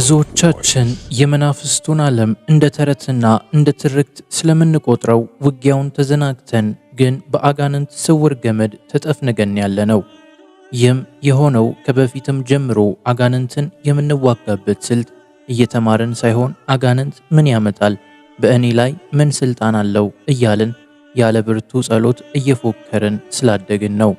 ብዙዎቻችን የመናፍስቱን ዓለም እንደ ተረትና እንደ ትርክት ስለምንቆጥረው ውጊያውን ተዘናግተን ግን በአጋንንት ስውር ገመድ ተጠፍንገን ያለ ነው። ይህም የሆነው ከበፊትም ጀምሮ አጋንንትን የምንዋጋበት ስልት እየተማርን ሳይሆን አጋንንት ምን ያመጣል፣ በእኔ ላይ ምን ስልጣን አለው እያልን ያለ ብርቱ ጸሎት እየፎከርን ስላደግን ነው።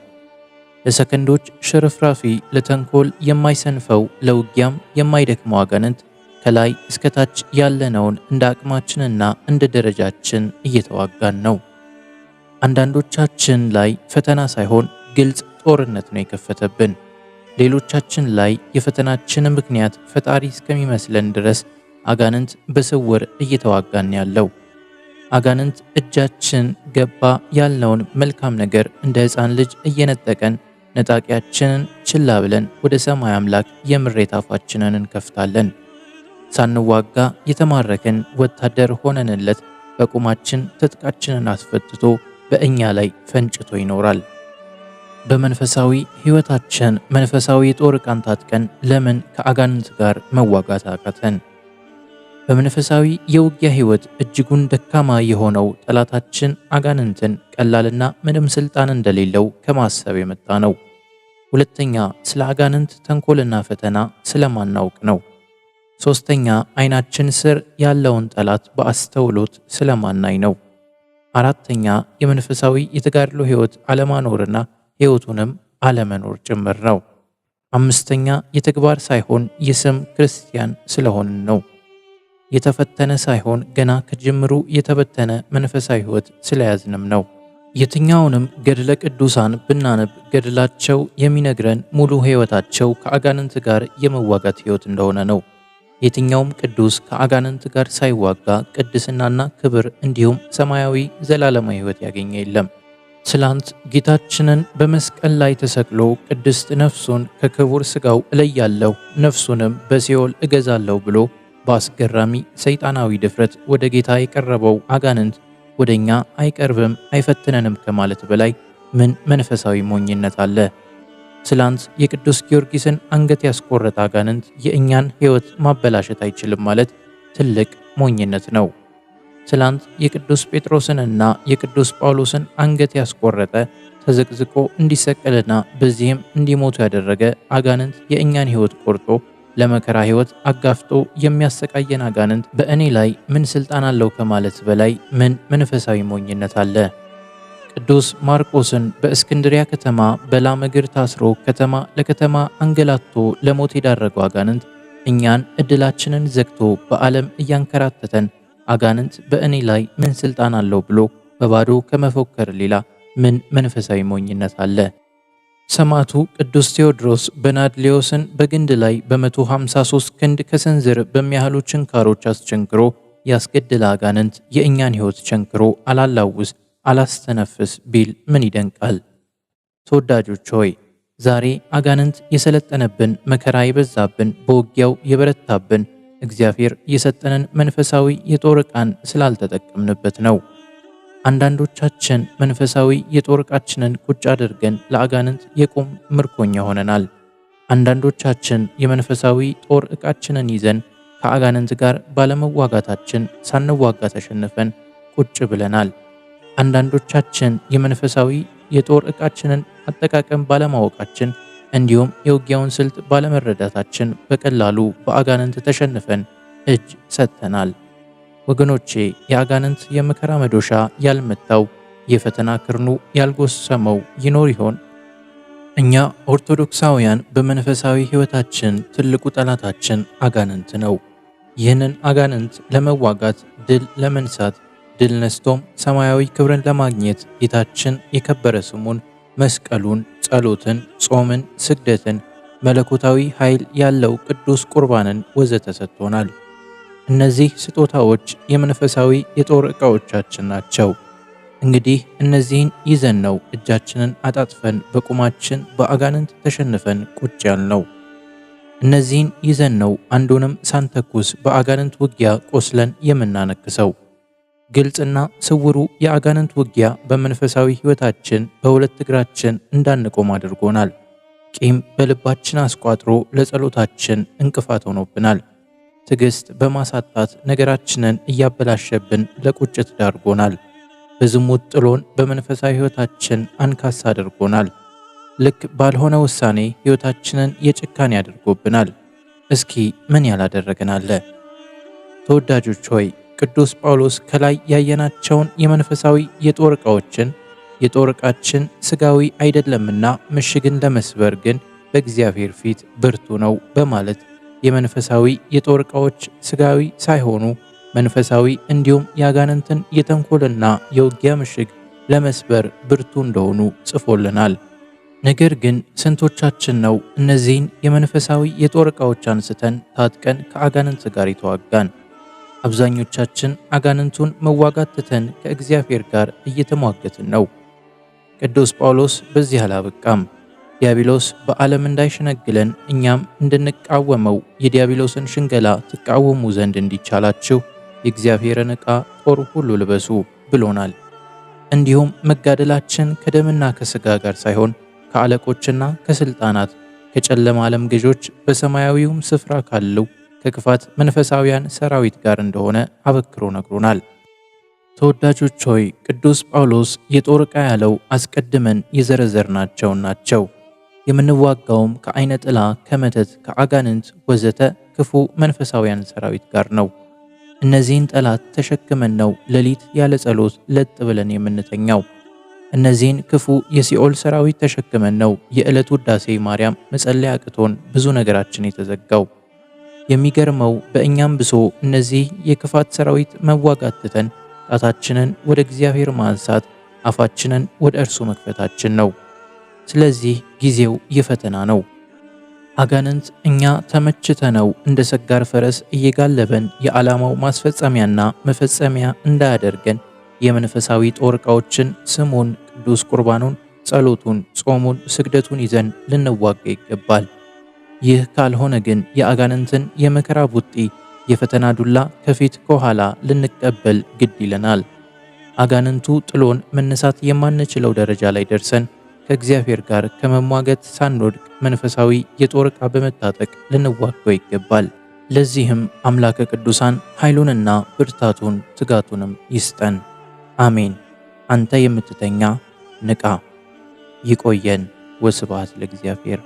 ለሰከንዶች ሽርፍራፊ ለተንኮል የማይሰንፈው ለውጊያም የማይደክመው አጋንንት ከላይ እስከ ታች ያለነውን እንደ አቅማችንና እንደ ደረጃችን እየተዋጋን ነው። አንዳንዶቻችን ላይ ፈተና ሳይሆን ግልጽ ጦርነት ነው የከፈተብን። ሌሎቻችን ላይ የፈተናችን ምክንያት ፈጣሪ እስከሚመስለን ድረስ አጋንንት በስውር እየተዋጋን ያለው አጋንንት እጃችን ገባ ያልነውን መልካም ነገር እንደ ሕፃን ልጅ እየነጠቀን ነጣቂያችንን ችላ ብለን ወደ ሰማይ አምላክ የምሬት አፋችንን እንከፍታለን። ሳንዋጋ የተማረክን ወታደር ሆነንለት በቁማችን ትጥቃችንን አስፈትቶ በእኛ ላይ ፈንጭቶ ይኖራል። በመንፈሳዊ ሕይወታችን መንፈሳዊ ጦር ዕቃን ታጥቀን ለምን ከአጋንንት ጋር መዋጋት አቃተን? በመንፈሳዊ የውጊያ ሕይወት እጅጉን ደካማ የሆነው ጠላታችን አጋንንትን ቀላልና ምንም ስልጣን እንደሌለው ከማሰብ የመጣ ነው። ሁለተኛ ስለ አጋንንት ተንኮልና ፈተና ስለማናውቅ ነው። ሶስተኛ አይናችን ስር ያለውን ጠላት በአስተውሎት ስለማናይ ነው። አራተኛ የመንፈሳዊ የተጋድሎ ሕይወት አለማኖርና ሕይወቱንም አለመኖር ጭምር ነው። አምስተኛ የተግባር ሳይሆን የስም ክርስቲያን ስለሆን ነው። የተፈተነ ሳይሆን ገና ከጅምሩ የተበተነ መንፈሳዊ ሕይወት ስለያዝንም ነው። የትኛውንም ገድለ ቅዱሳን ብናነብ ገድላቸው የሚነግረን ሙሉ ሕይወታቸው ከአጋንንት ጋር የመዋጋት ሕይወት እንደሆነ ነው። የትኛውም ቅዱስ ከአጋንንት ጋር ሳይዋጋ ቅድስናና ክብር እንዲሁም ሰማያዊ ዘላለማዊ ሕይወት ያገኘ የለም። ትላንት ጌታችንን በመስቀል ላይ ተሰቅሎ ቅድስት ነፍሱን ከክቡር ሥጋው እለያለሁ ነፍሱንም በሲኦል እገዛለሁ ብሎ በአስገራሚ ሰይጣናዊ ድፍረት ወደ ጌታ የቀረበው አጋንንት ወደ እኛ አይቀርብም አይፈትነንም ከማለት በላይ ምን መንፈሳዊ ሞኝነት አለ? ስላንት የቅዱስ ጊዮርጊስን አንገት ያስቆረጠ አጋንንት የእኛን ሕይወት ማበላሸት አይችልም ማለት ትልቅ ሞኝነት ነው። ስላንት የቅዱስ ጴጥሮስንና የቅዱስ ጳውሎስን አንገት ያስቆረጠ ተዘቅዝቆ እንዲሰቀልና በዚህም እንዲሞቱ ያደረገ አጋንንት የእኛን ሕይወት ቆርጦ ለመከራ ሕይወት አጋፍጦ የሚያሰቃየን አጋንንት በእኔ ላይ ምን ሥልጣን አለው ከማለት በላይ ምን መንፈሳዊ ሞኝነት አለ? ቅዱስ ማርቆስን በእስክንድሪያ ከተማ በላም እግር ታስሮ ከተማ ለከተማ አንገላቶ ለሞት የዳረገው አጋንንት እኛን ዕድላችንን ዘግቶ በዓለም እያንከራተተን አጋንንት በእኔ ላይ ምን ሥልጣን አለው ብሎ በባዶ ከመፎከር ሌላ ምን መንፈሳዊ ሞኝነት አለ? ሰማዕቱ ቅዱስ ቴዎድሮስ በናድሌዎስን በግንድ ላይ በ153 ክንድ ከስንዝር በሚያህሉ ችንካሮች አስቸንክሮ ያስገድለ አጋንንት የእኛን ሕይወት ቸንክሮ አላላውስ አላስተነፍስ ቢል ምን ይደንቃል? ተወዳጆች ሆይ ዛሬ አጋንንት የሰለጠነብን፣ መከራ የበዛብን፣ በውጊያው የበረታብን እግዚአብሔር የሰጠንን መንፈሳዊ የጦር ዕቃን ስላልተጠቀምንበት ነው። አንዳንዶቻችን መንፈሳዊ የጦር ዕቃችንን ቁጭ አድርገን ለአጋንንት የቁም ምርኮኛ ሆነናል። አንዳንዶቻችን የመንፈሳዊ ጦር ዕቃችንን ይዘን ከአጋንንት ጋር ባለመዋጋታችን ሳንዋጋ ተሸንፈን ቁጭ ብለናል። አንዳንዶቻችን የመንፈሳዊ የጦር ዕቃችንን አጠቃቀም ባለማወቃችን እንዲሁም የውጊያውን ስልት ባለመረዳታችን በቀላሉ በአጋንንት ተሸንፈን እጅ ሰጥተናል። ወገኖቼ የአጋንንት የመከራ መዶሻ ያልመታው የፈተና ክርኑ ያልጎሰመው ይኖር ይሆን? እኛ ኦርቶዶክሳውያን በመንፈሳዊ ሕይወታችን ትልቁ ጠላታችን አጋንንት ነው። ይህንን አጋንንት ለመዋጋት ድል ለመንሳት ድል ነስቶም ሰማያዊ ክብርን ለማግኘት ጌታችን የከበረ ስሙን መስቀሉን፣ ጸሎትን፣ ጾምን፣ ስግደትን፣ መለኮታዊ ኃይል ያለው ቅዱስ ቁርባንን ወዘተ ሰጥቶናል። እነዚህ ስጦታዎች የመንፈሳዊ የጦር ዕቃዎቻችን ናቸው። እንግዲህ እነዚህን ይዘን ነው እጃችንን አጣጥፈን በቁማችን በአጋንንት ተሸንፈን ቁጭ ያልነው። እነዚህን ይዘን ነው አንዱንም ሳንተኩስ በአጋንንት ውጊያ ቆስለን የምናነክሰው። ግልጽና ስውሩ የአጋንንት ውጊያ በመንፈሳዊ ሕይወታችን በሁለት እግራችን እንዳንቆም አድርጎናል። ቂም በልባችን አስቋጥሮ ለጸሎታችን እንቅፋት ሆኖብናል። ትዕግስት በማሳጣት ነገራችንን እያበላሸብን ለቁጭት ዳርጎናል። በዝሙት ጥሎን በመንፈሳዊ ሕይወታችን አንካሳ አድርጎናል። ልክ ባልሆነ ውሳኔ ሕይወታችንን የጭካኔ አድርጎብናል። እስኪ ምን ያላደረግን አለ? ተወዳጆች ሆይ ቅዱስ ጳውሎስ ከላይ ያየናቸውን የመንፈሳዊ የጦር ዕቃዎችን የጦር ዕቃችን ሥጋዊ አይደለምና ምሽግን ለመስበር ግን በእግዚአብሔር ፊት ብርቱ ነው በማለት የመንፈሳዊ የጦር ዕቃዎች ሥጋዊ ሳይሆኑ መንፈሳዊ እንዲሁም የአጋንንትን የተንኮልና የውጊያ ምሽግ ለመስበር ብርቱ እንደሆኑ ጽፎልናል። ነገር ግን ስንቶቻችን ነው እነዚህን የመንፈሳዊ የጦር ዕቃዎች አንስተን ታጥቀን ከአጋንንት ጋር የተዋጋን? አብዛኞቻችን አጋንንቱን መዋጋት ትተን ከእግዚአብሔር ጋር እየተሟገትን ነው። ቅዱስ ጳውሎስ በዚህ አላበቃም። ዲያብሎስ በዓለም እንዳይሸነግለን እኛም እንድንቃወመው የዲያብሎስን ሽንገላ ትቃወሙ ዘንድ እንዲቻላችሁ የእግዚአብሔርን ዕቃ ጦር ሁሉ ልበሱ ብሎናል። እንዲሁም መጋደላችን ከደምና ከሥጋ ጋር ሳይሆን ከአለቆችና ከሥልጣናት ከጨለማ ዓለም ገዦች በሰማያዊውም ስፍራ ካለው ከክፋት መንፈሳውያን ሰራዊት ጋር እንደሆነ አበክሮ ነግሮናል። ተወዳጆች ሆይ ቅዱስ ጳውሎስ የጦር ዕቃ ያለው አስቀድመን የዘረዘርናቸውን ናቸው። የምንዋጋውም ከአይነ ጥላ፣ ከመተት፣ ከአጋንንት ወዘተ ክፉ መንፈሳውያን ሰራዊት ጋር ነው። እነዚህን ጠላት ተሸክመን ነው ሌሊት ያለ ጸሎት ለጥ ብለን የምንተኛው። እነዚህን ክፉ የሲኦል ሰራዊት ተሸክመን ነው የዕለት ውዳሴ ማርያም መጸለይ አቅቶን ብዙ ነገራችን የተዘጋው። የሚገርመው በእኛም ብሶ እነዚህ የክፋት ሰራዊት መዋጋት ትተን ጣታችንን ወደ እግዚአብሔር ማንሳት አፋችንን ወደ እርሱ መክፈታችን ነው። ስለዚህ ጊዜው የፈተና ነው። አጋንንት እኛ ተመችተነው እንደ ሰጋር ፈረስ እየጋለበን የዓላማው ማስፈጸሚያና መፈጸሚያ እንዳያደርገን የመንፈሳዊ ጦር ዕቃዎችን ስሙን፣ ቅዱስ ቁርባኑን፣ ጸሎቱን፣ ጾሙን፣ ስግደቱን ይዘን ልንዋጋ ይገባል። ይህ ካልሆነ ግን የአጋንንትን የመከራ ቡጢ የፈተና ዱላ ከፊት ከኋላ ልንቀበል ግድ ይለናል። አጋንንቱ ጥሎን መነሳት የማንችለው ደረጃ ላይ ደርሰን ከእግዚአብሔር ጋር ከመሟገት ሳንወድቅ መንፈሳዊ የጦር ዕቃ በመታጠቅ ልንዋጋው ይገባል። ለዚህም አምላከ ቅዱሳን ኃይሉንና ብርታቱን ትጋቱንም ይስጠን። አሜን። አንተ የምትተኛ ንቃ። ይቆየን። ወስብሐት ለእግዚአብሔር።